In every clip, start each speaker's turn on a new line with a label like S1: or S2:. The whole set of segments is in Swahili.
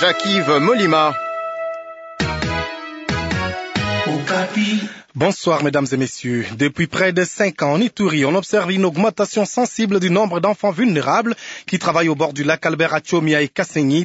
S1: Jacques-Yves Molima.
S2: Bonsoir, mesdames et messieurs. Depuis près de cinq ans, en Ituri, on observe une augmentation sensible du nombre d'enfants vulnérables qui travaillent au bord du lac Albert Chomia et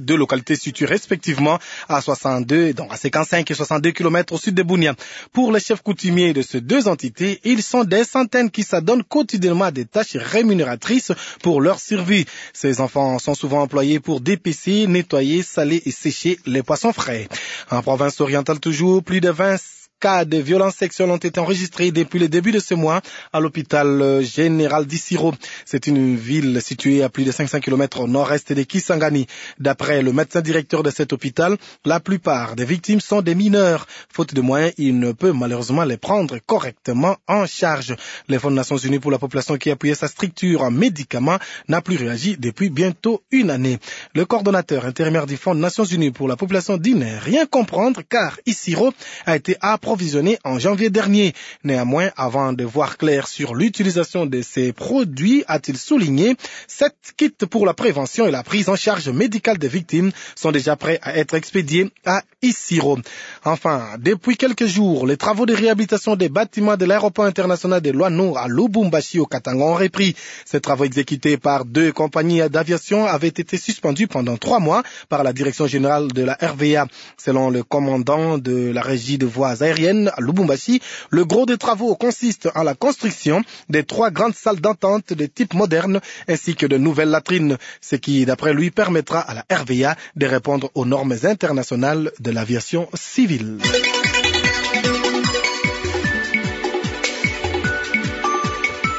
S2: deux localités situées respectivement à 62, donc à 55 et 62 kilomètres au sud de Bounia. Pour les chefs coutumiers de ces deux entités, ils sont des centaines qui s'adonnent quotidiennement à des tâches rémunératrices pour leur survie. Ces enfants sont souvent employés pour dépisser, nettoyer, saler et sécher les poissons frais. En province orientale toujours, plus de 20 cas de violences sexuelles ont été enregistrés depuis le début de ce mois à l'hôpital euh, général d'Issiro. C'est une ville située à plus de 500 km au nord-est de Kisangani. D'après le médecin directeur de cet hôpital, la plupart des victimes sont des mineurs. Faute de moyens, il ne peut malheureusement les prendre correctement en charge. Le Fonds des Nations Unies pour la population qui appuyait sa structure en médicaments n'a plus réagi depuis bientôt une année. Le coordonnateur intérimaire du Fonds des Nations Unies pour la population dit ne rien comprendre car Issiro a été approché visionné en janvier dernier. Néanmoins, avant de voir clair sur l'utilisation de ces produits, a-t-il souligné, sept kits pour la prévention et la prise en charge médicale des victimes sont déjà prêts à être expédiés à Isiro. Enfin, depuis quelques jours, les travaux de réhabilitation des bâtiments de l'aéroport international de Loano à Lubumbashi au Katanga ont repris. Ces travaux exécutés par deux compagnies d'aviation avaient été suspendus pendant trois mois par la direction générale de la RVA. Selon le commandant de la régie de voies aériennes, ivoirienne à Lubumbashi, le gros des travaux consiste en la construction des trois grandes salles d'entente de type moderne ainsi que de nouvelles latrines, ce qui, d'après lui, permettra à la RVA de répondre aux normes internationales de l'aviation civile.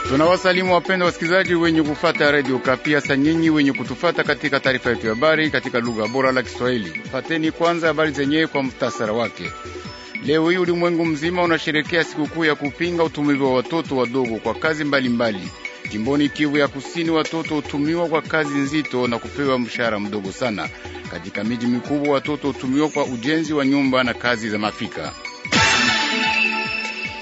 S1: Tunawasalimu wapenda wasikilizaji wenye kufata redio Kapi, hasa nyinyi wenye kutufata katika taarifa yetu ya habari katika lugha bora la Kiswahili. Fateni kwanza habari zenyewe kwa mtasara wake. Leo hii ulimwengu mzima unasherekea sikukuu ya kupinga utumivi wa watoto wadogo kwa kazi mbalimbali mbali. Jimboni Kivu ya Kusini, watoto hutumiwa kwa kazi nzito na kupewa mshahara mdogo sana. Katika miji mikubwa, watoto hutumiwa kwa ujenzi wa nyumba na kazi za mafika.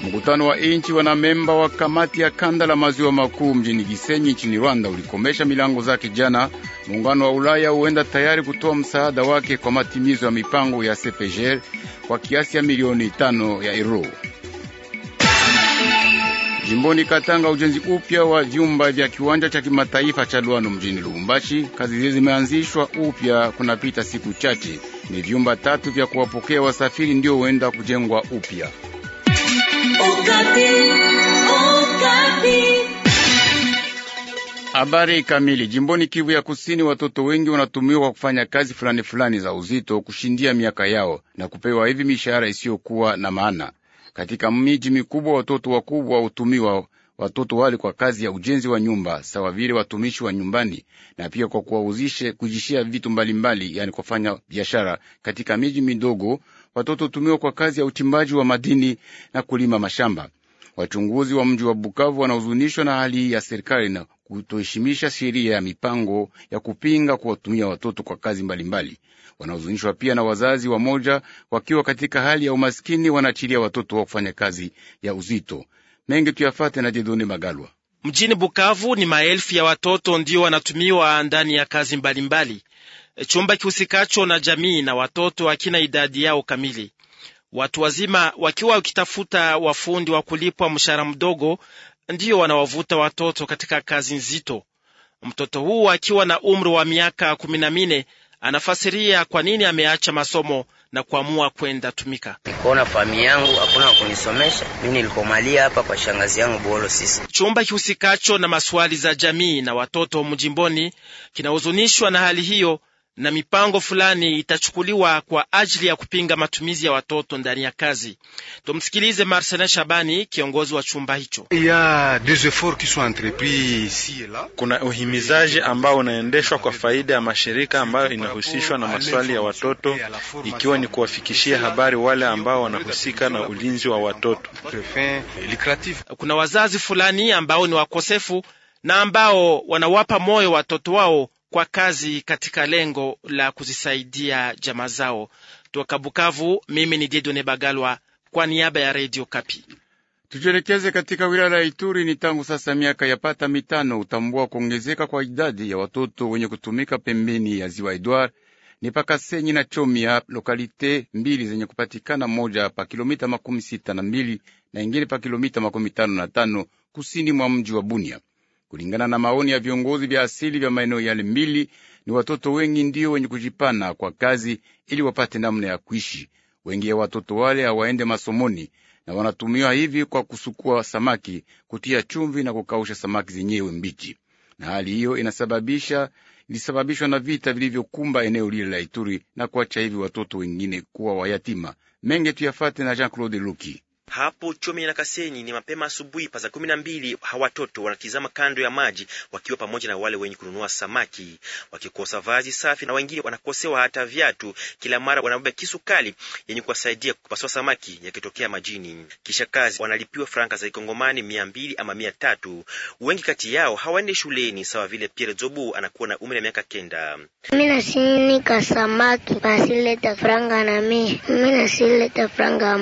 S1: Mkutano wa inchi wanamemba wa kamati ya kanda la maziwa makuu mjini Gisenyi nchini Rwanda ulikomesha milango zake jana. Muungano wa Ulaya huenda tayari kutoa msaada wake kwa matimizo ya mipango ya CPGL kwa kiasi ya milioni tano ya euro. Jimboni Katanga, ujenzi upya wa vyumba vya kiwanja cha kimataifa cha Luano mjini Lubumbashi, kazi hizi zimeanzishwa upya kunapita siku chache. Ni vyumba tatu vya kuwapokea wasafiri ndio huenda kujengwa upya. Habari kamili. Jimboni Kivu ya Kusini, watoto wengi wanatumiwa kwa kufanya kazi fulani fulani za uzito kushindia miaka yao na kupewa hivi mishahara isiyokuwa na maana. Katika miji mikubwa, watoto wakubwa hutumiwa watoto wale kwa kazi ya ujenzi wa nyumba, sawa vile watumishi wa nyumbani, na pia kwa kuwauzishe kujishia vitu mbalimbali, yani kufanya biashara. Katika miji midogo, watoto hutumiwa kwa kazi ya uchimbaji wa madini na kulima mashamba. Wachunguzi wa mji wa Bukavu wanahuzunishwa na hali ya serikali na kutoheshimisha sheria ya mipango ya kupinga kuwatumia watoto kwa kazi mbalimbali. Wanahuzunishwa pia na wazazi wamoja wakiwa katika hali ya umaskini, wanaachilia watoto wa kufanya kazi ya uzito. Mengi tuyafate na Jedone Magalwa.
S3: Mjini Bukavu ni maelfu ya watoto ndio wanatumiwa ndani ya kazi mbalimbali mbali. E, chumba kihusikacho na jamii na watoto hakina idadi yao kamili. Watu wazima wakiwa wakitafuta wafundi wa kulipwa mshahara mdogo, ndiyo wanawavuta watoto katika kazi nzito. Mtoto huu akiwa na umri wa miaka kumi na nne anafasiria kwa nini ameacha masomo na kuamua kwenda tumika.
S4: nikuona fami yangu hakuna kunisomesha mimi, nilikomalia hapa kwa shangazi yangu Bolo. Sisi
S3: chumba kihusikacho na maswali za jamii na watoto mjimboni kinahuzunishwa na hali hiyo na mipango fulani itachukuliwa kwa ajili ya kupinga matumizi ya watoto ndani ya kazi. Tumsikilize Marcelin Shabani, kiongozi wa chumba hicho. Kuna uhimizaji ambao unaendeshwa kwa faida ya mashirika ambayo inahusishwa na maswali ya watoto, ikiwa ni kuwafikishia habari wale ambao wanahusika na ulinzi wa watoto. Kuna wazazi fulani ambao ni wakosefu na ambao wanawapa moyo watoto wao kwa kazi katika lengo la kuzisaidia jamaa zao. Toka Bukavu, mimi ni Didone Bagalwa kwa niaba ya Redio Kapi.
S1: Tujielekeze katika wilaya ya Ituri. Ni tangu sasa miaka ya pata mitano utambua kuongezeka kwa idadi ya watoto wenye kutumika pembeni ya ziwa Edward ni Pakasenyi na Chomia, lokalite mbili zenye kupatikana, moja pa kilomita makumi sita na mbili na ingine pa kilomita makumi tano na tano kusini mwa mji wa Bunia. Kulingana na maoni ya viongozi vya asili vya maeneo yale mbili, ni watoto wengi ndio wenye kujipana kwa kazi ili wapate namna ya kuishi. Wengi ya watoto wale hawaende masomoni na wanatumiwa hivi kwa kusukua samaki, kutia chumvi na kukausha samaki zenyewe mbichi, na hali hiyo inasababisha ilisababishwa na vita vilivyokumba eneo lile la Ituri na kuacha hivi watoto wengine kuwa wayatima. Menge tuyafate na Jean Claude Luki. Hapo
S5: Chome na Kasenyi ni mapema asubuhi pa saa kumi na mbili, watoto wanatizama kando ya maji wakiwa pamoja na wale wenye kununua samaki, wakikosa vazi safi na wengine wanakosewa hata viatu. Kila mara wanabeba kisu kali yenye kuwasaidia kupasua samaki yakitokea majini. Kisha kazi wanalipiwa franka za kikongomani mia mbili ama mia tatu. Wengi kati yao hawaendi shuleni, sawa vile Pierre Zobu anakuwa na umri wa miaka kenda.
S3: Mimi nasinika samaki basileta franga na mimi mimi nasileta franga ya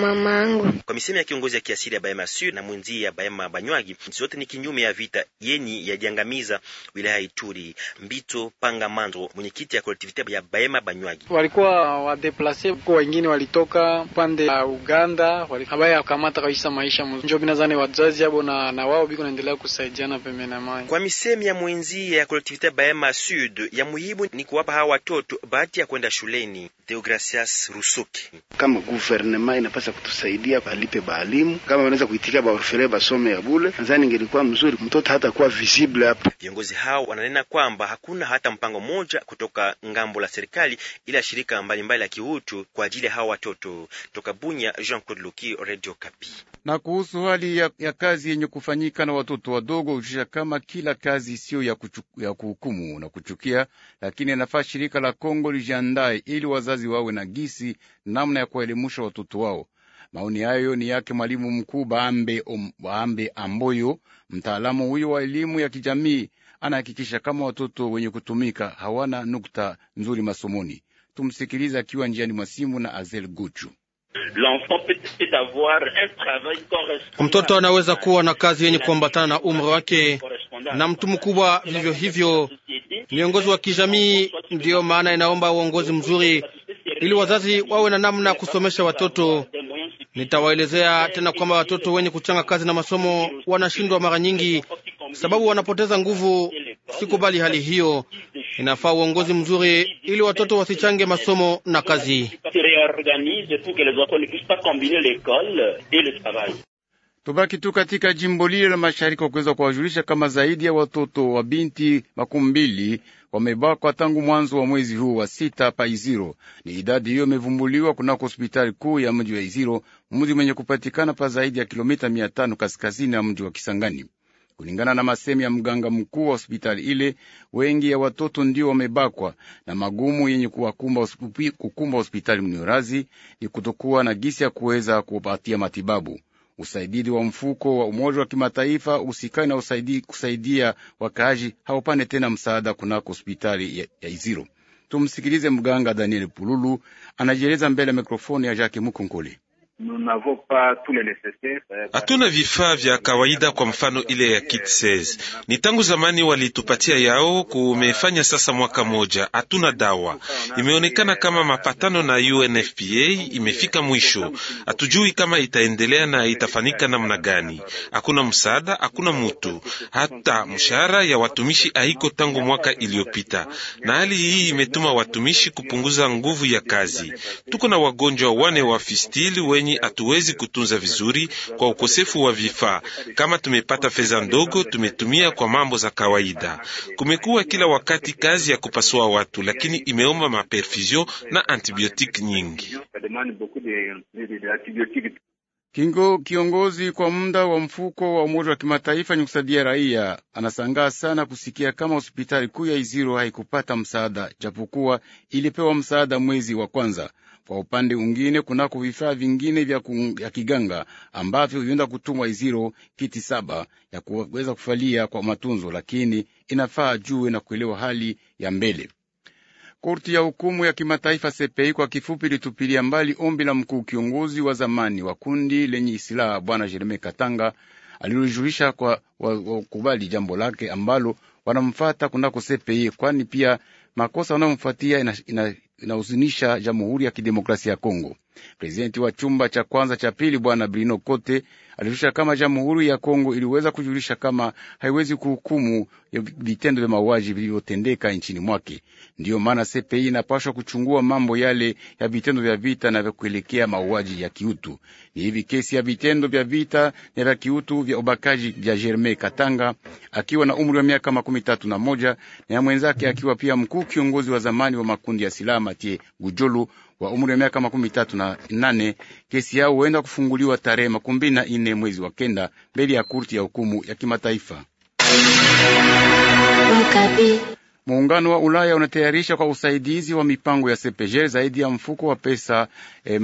S3: kwa ya
S5: kiongozi ya kiasili ya Bahema Sud na mwenzi ya Bahema Banywagi zote ni kinyume ya vita yenye yajiangamiza wilaya ya Ituri. Mbito Panga Mando, mwenyekiti ya kolektivite ya Bahema Banywagi:
S2: walikuwa wadeplase kwa wengine walitoka pande ya Uganda, abaya kamata kabisa maisha njoo binazani wazazi abo na, na wao biko naendelea kusaidiana pembeni ya mai. Kwa misemi ya mwenzi
S5: ya kolektivite ya Bahema Sud, ya muhimu ni kuwapa hawa watoto bahati ya kwenda shuleni.
S3: Deogracias Rusuki: kama guvernema inapasa kutusaidia alipe baalimu kama wanaweza kuitikia bafere basome ya bule, nadhani ingelikuwa mzuri, mtoto hata kuwa visible hapa.
S5: Viongozi hao wananena kwamba hakuna hata mpango mmoja kutoka ngambo la serikali ila shirika mbalimbali mbali la kiutu kwa ajili ya hao watoto. Toka Bunya, Jean Claude Luki, Radio Kapi.
S1: Na kuhusu hali ya, ya kazi yenye kufanyika na watoto wadogo, ujisha kama kila kazi isiyo ya, ya kuhukumu na kuchukia, lakini anafaa shirika la Kongo lijiandae ili wazazi wawe na gisi namna ya kuwaelimusha watoto wao Maoni hayo ni yake mwalimu mkuu Baambe, um, Baambe Amboyo. Mtaalamu huyo wa elimu ya kijamii anahakikisha kama watoto wenye kutumika hawana nukta nzuri masomoni. Tumsikilize akiwa njiani mwa simu na Azel Guchu.
S3: Mtoto anaweza kuwa na kazi yenye kuambatana na umri wake na mtu mkubwa vivyo hivyo. Miongozi wa kijamii ndiyo maana inaomba uongozi mzuri, ili wazazi wawe na namna ya kusomesha watoto. Nitawaelezea eh, tena kwamba eh, watoto eh, wenye kuchanga kazi na masomo wanashindwa mara nyingi, sababu wanapoteza nguvu. Sikubali hali hiyo. Inafaa uongozi mzuri ili watoto wasichange masomo na kazi.
S1: Tubaki tu katika jimbo lile la mashariki wa kuweza kuwajulisha kama zaidi ya watoto wa binti makumi mbili wamebakwa tangu mwanzo wa mwezi huu wa sita pa Iziro. Ni idadi hiyo imevumbuliwa kunako hospitali kuu ya mji wa Iziro mji mwenye kupatikana pa zaidi ya kilomita mia tano kaskazini ya mji wa Kisangani. Kulingana na masemi ya mganga mkuu wa hospitali ile, wengi ya watoto ndio wamebakwa na magumu yenye kuwakumba kukumba hospitali mniorazi ni kutokuwa na gisi ya kuweza kuwapatia matibabu. Usaidizi wa mfuko wa Umoja wa Kimataifa usikani na usaidi, kusaidia wakaaji haupane tena msaada kunako hospitali ya, ya Iziro. Tumsikilize mganga Daniel Pululu anajieleza mbele ya mikrofoni ya Jacques Mukunkuli.
S2: Euh,
S3: Hatuna vifaa vya kawaida, kwa mfano ile ya kit says. Ni tangu zamani walitupatia yao, kumefanya sasa mwaka moja. Hatuna dawa. Imeonekana kama mapatano na UNFPA imefika mwisho. Hatujui kama itaendelea na itafanika namna gani. Hakuna msaada, hakuna mutu, hata mshahara ya watumishi haiko tangu mwaka iliyopita, na hali hii imetuma watumishi kupunguza nguvu ya kazi. Tuko na wagonjwa wane wa fistili wenye kwani hatuwezi kutunza vizuri kwa ukosefu wa vifaa. Kama tumepata fedha ndogo, tumetumia kwa mambo za kawaida. Kumekuwa kila wakati kazi ya kupasua watu, lakini imeomba maperfusion na antibiotiki
S4: nyingi.
S1: Kingo kiongozi kwa muda wa mfuko wa Umoja wa Kimataifa ni kusaidia raia, anasangaa sana kusikia kama hospitali kuu ya Iziro haikupata msaada, japokuwa ilipewa msaada mwezi wa kwanza. Kwa upande mwingine, kunako vifaa vingine vya ya kiganga ambavyo vienda kutumwa iziro kiti saba ya kuweza kufalia kwa matunzo, lakini inafaa jue na kuelewa hali ya mbele. Korti ya hukumu ya kimataifa CPI kwa kifupi ilitupilia mbali ombi la mkuu kiongozi wa zamani wa kundi lenye silaha bwana Jereme Katanga alilojulisha kwa wakubali jambo lake ambalo wanamfata kunako CPI, kwani pia makosa wanayomfuatia inahuzunisha Jamhuri ya Kidemokrasia ya Kongo. Prezidenti wa chumba cha kwanza cha pili Bwana Brino Kote alijulisha kama Jamhuri ya Kongo iliweza kujulisha kama haiwezi kuhukumu vitendo vya mauaji vilivyotendeka nchini mwake. Ndiyo maana CPI inapashwa kuchungua mambo yale ya vitendo vya vita na vya kuelekea mauaji ya kiutu. Ni hivi kesi ya vitendo vya vita na vya kiutu vya ubakaji vya Germain Katanga akiwa na umri wa miaka makumi tatu na moja na ya mwenzake akiwa pia mkuu kiongozi wa zamani wa makundi ya silaha Matie Gujolu wa umri wa miaka makumi tatu na nane. Kesi yao huenda kufunguliwa tarehe makumi na nne mwezi wa kenda mbele ya kurti ya hukumu ya kimataifa. Muungano wa Ulaya unatayarisha kwa usaidizi wa mipango ya CPG zaidi ya mfuko wa pesa eh,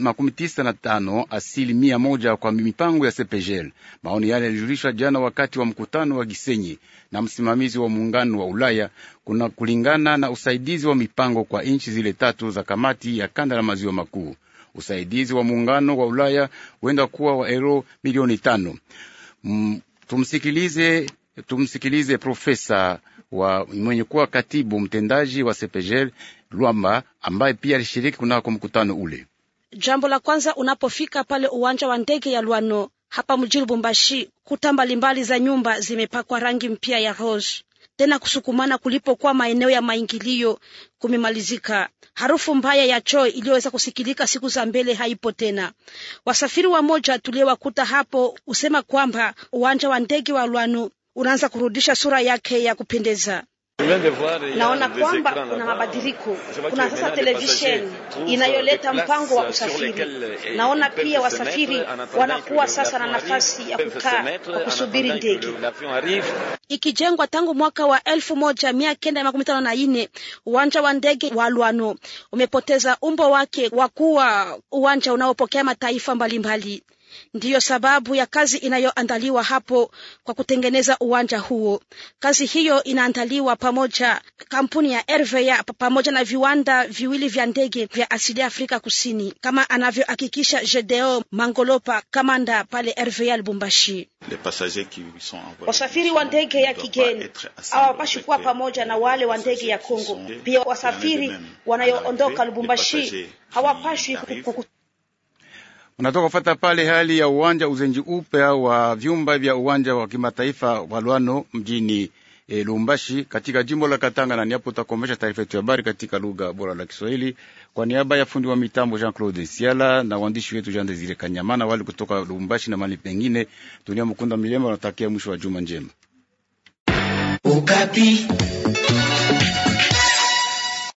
S1: makumi tisa na tano asilimia moja kwa mipango ya CPG. Maoni yale yalijulishwa jana wakati wa mkutano wa Gisenyi na msimamizi wa muungano wa Ulaya kuna kulingana na usaidizi wa mipango kwa nchi zile tatu za kamati ya kanda la maziwa makuu. Usaidizi wa muungano wa Ulaya huenda kuwa wa euro milioni tano. Mm, tumsikilize, tumsikilize Profesa wa mwenye kuwa katibu mtendaji wa Sepejel Lwamba, ambaye pia alishiriki kunako mkutano ule.
S4: Jambo la kwanza unapofika pale uwanja wa ndege ya Lwano hapa mjini Lubumbashi, kuta mbalimbali za nyumba zimepakwa rangi mpya ya rose. Tena kusukumana kulipokuwa maeneo ya maingilio kumemalizika. Harufu mbaya ya choo iliyoweza kusikilika siku za mbele haipo tena. Wasafiri wa moja tuliyewakuta hapo usema kwamba uwanja wa ndege wa Lwano unaanza kurudisha sura yake ya kupendeza. Naona kwamba kuna mabadiliko. Kuna sasa televisheni inayoleta mpango wa kusafiri. Naona pia wasafiri wanakuwa sasa na nafasi ya kukaa kwa kusubiri ndege. Ikijengwa tangu mwaka wa elfu moja mia kenda makumi tano na nne, uwanja wa ndege wa lwano umepoteza umbo wake wa kuwa uwanja unaopokea mataifa mbalimbali mbali. Ndiyo sababu ya kazi inayoandaliwa hapo kwa kutengeneza uwanja huo. Kazi hiyo inaandaliwa pamoja kampuni ya Herveya pamoja na viwanda viwili vya ndege vya asili ya Afrika Kusini, kama anavyohakikisha Gedeo Mangolopa, kamanda pale rva Lubumbashi. Wasafiri wa ndege ya kigeni hawapashi kuwa pamoja na wale wa ndege ya Kongo. Pia wasafiri wanayoondoka Lubumbashi hawapashwi
S1: Unatoka kufata pale hali ya uwanja uzenji upya wa vyumba vya uwanja wa kimataifa wa Lwano mjini e, eh, Lumbashi katika jimbo la Katanga, na niapo utakomesha taarifa yetu ya habari katika lugha bora la Kiswahili kwa niaba ya fundi wa mitambo Jean Claude Siala na waandishi wetu Jean Desire Kanyamana wali kutoka Lumbashi na mali pengine. Dunia mkunda Milema wanatakia mwisho wa juma njema. Ukapi.